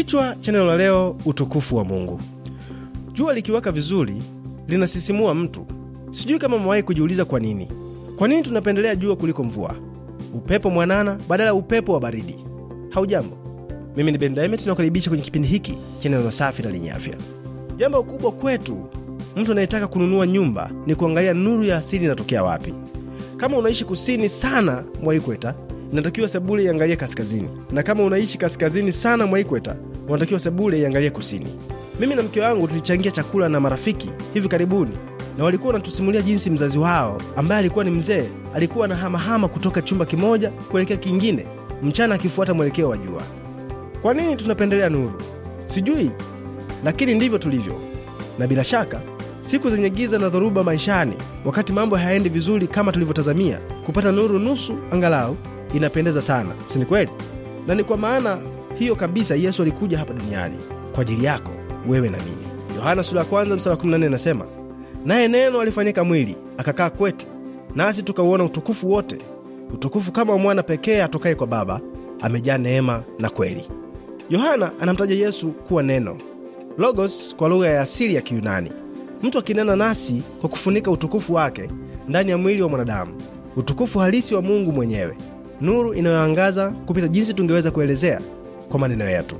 Kichwa cha neno la leo, utukufu wa Mungu. Jua likiwaka vizuri linasisimua mtu. Sijui kama mwawahi kujiuliza kwa nini, kwa nini tunapendelea jua kuliko mvua, upepo mwanana badala ya upepo wa baridi? Haujambo, mimi ni Ben Daimet, kwenye kipindi hiki cha neno safi na lenye afya. Jambo kubwa kwetu mtu anayetaka kununua nyumba ni kuangalia nuru ya asili inatokea wapi. Kama unaishi kusini sana mwa ikweta, inatakiwa sebule iangalie kaskazini, na kama unaishi kaskazini sana mwa ikweta, unatakiwa sebule iangalie kusini. Mimi na mke wangu tulichangia chakula na marafiki hivi karibuni, na walikuwa wanatusimulia jinsi mzazi wao ambaye alikuwa ni mzee alikuwa na hamahama kutoka chumba kimoja kuelekea kingine, mchana akifuata mwelekeo wa jua. Kwa nini tunapendelea nuru? Sijui, lakini ndivyo tulivyo. Na bila shaka siku zenye giza na dhoruba maishani, wakati mambo hayaendi vizuri kama tulivyotazamia, kupata nuru nusu angalau inapendeza sana, si ni kweli? Na ni kwa maana hiyo kabisa yesu alikuja hapa duniani kwa ajili yako wewe na mimi yohana sura ya kwanza msala 14 inasema naye neno alifanyika mwili akakaa kwetu nasi tukauona utukufu wote utukufu kama mwana pekee atokaye kwa baba amejaa neema na kweli yohana anamtaja yesu kuwa neno logos kwa lugha ya asili ya kiyunani mtu akinena nasi kwa kufunika utukufu wake ndani ya mwili wa mwanadamu utukufu halisi wa mungu mwenyewe nuru inayoangaza kupita jinsi tungeweza kuelezea kwa maneno yetu.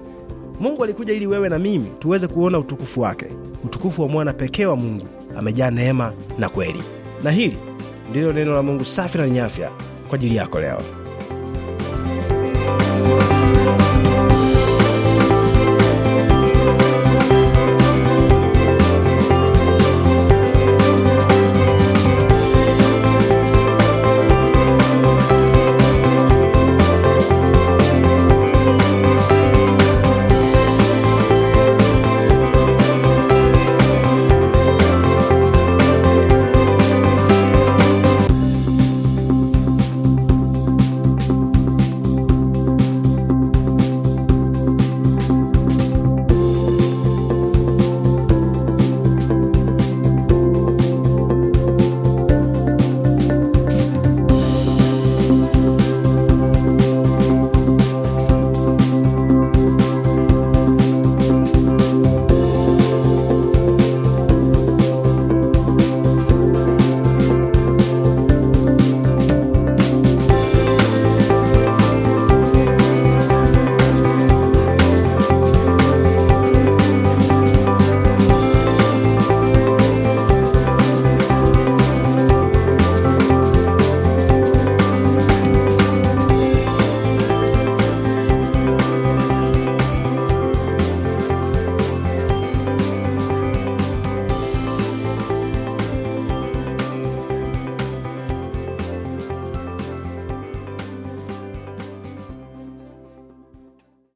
Mungu alikuja ili wewe na mimi tuweze kuona utukufu wake, utukufu wa mwana pekee wa Mungu, amejaa neema na kweli. Na hili ndilo neno la Mungu safi na lenye afya kwa ajili yako leo.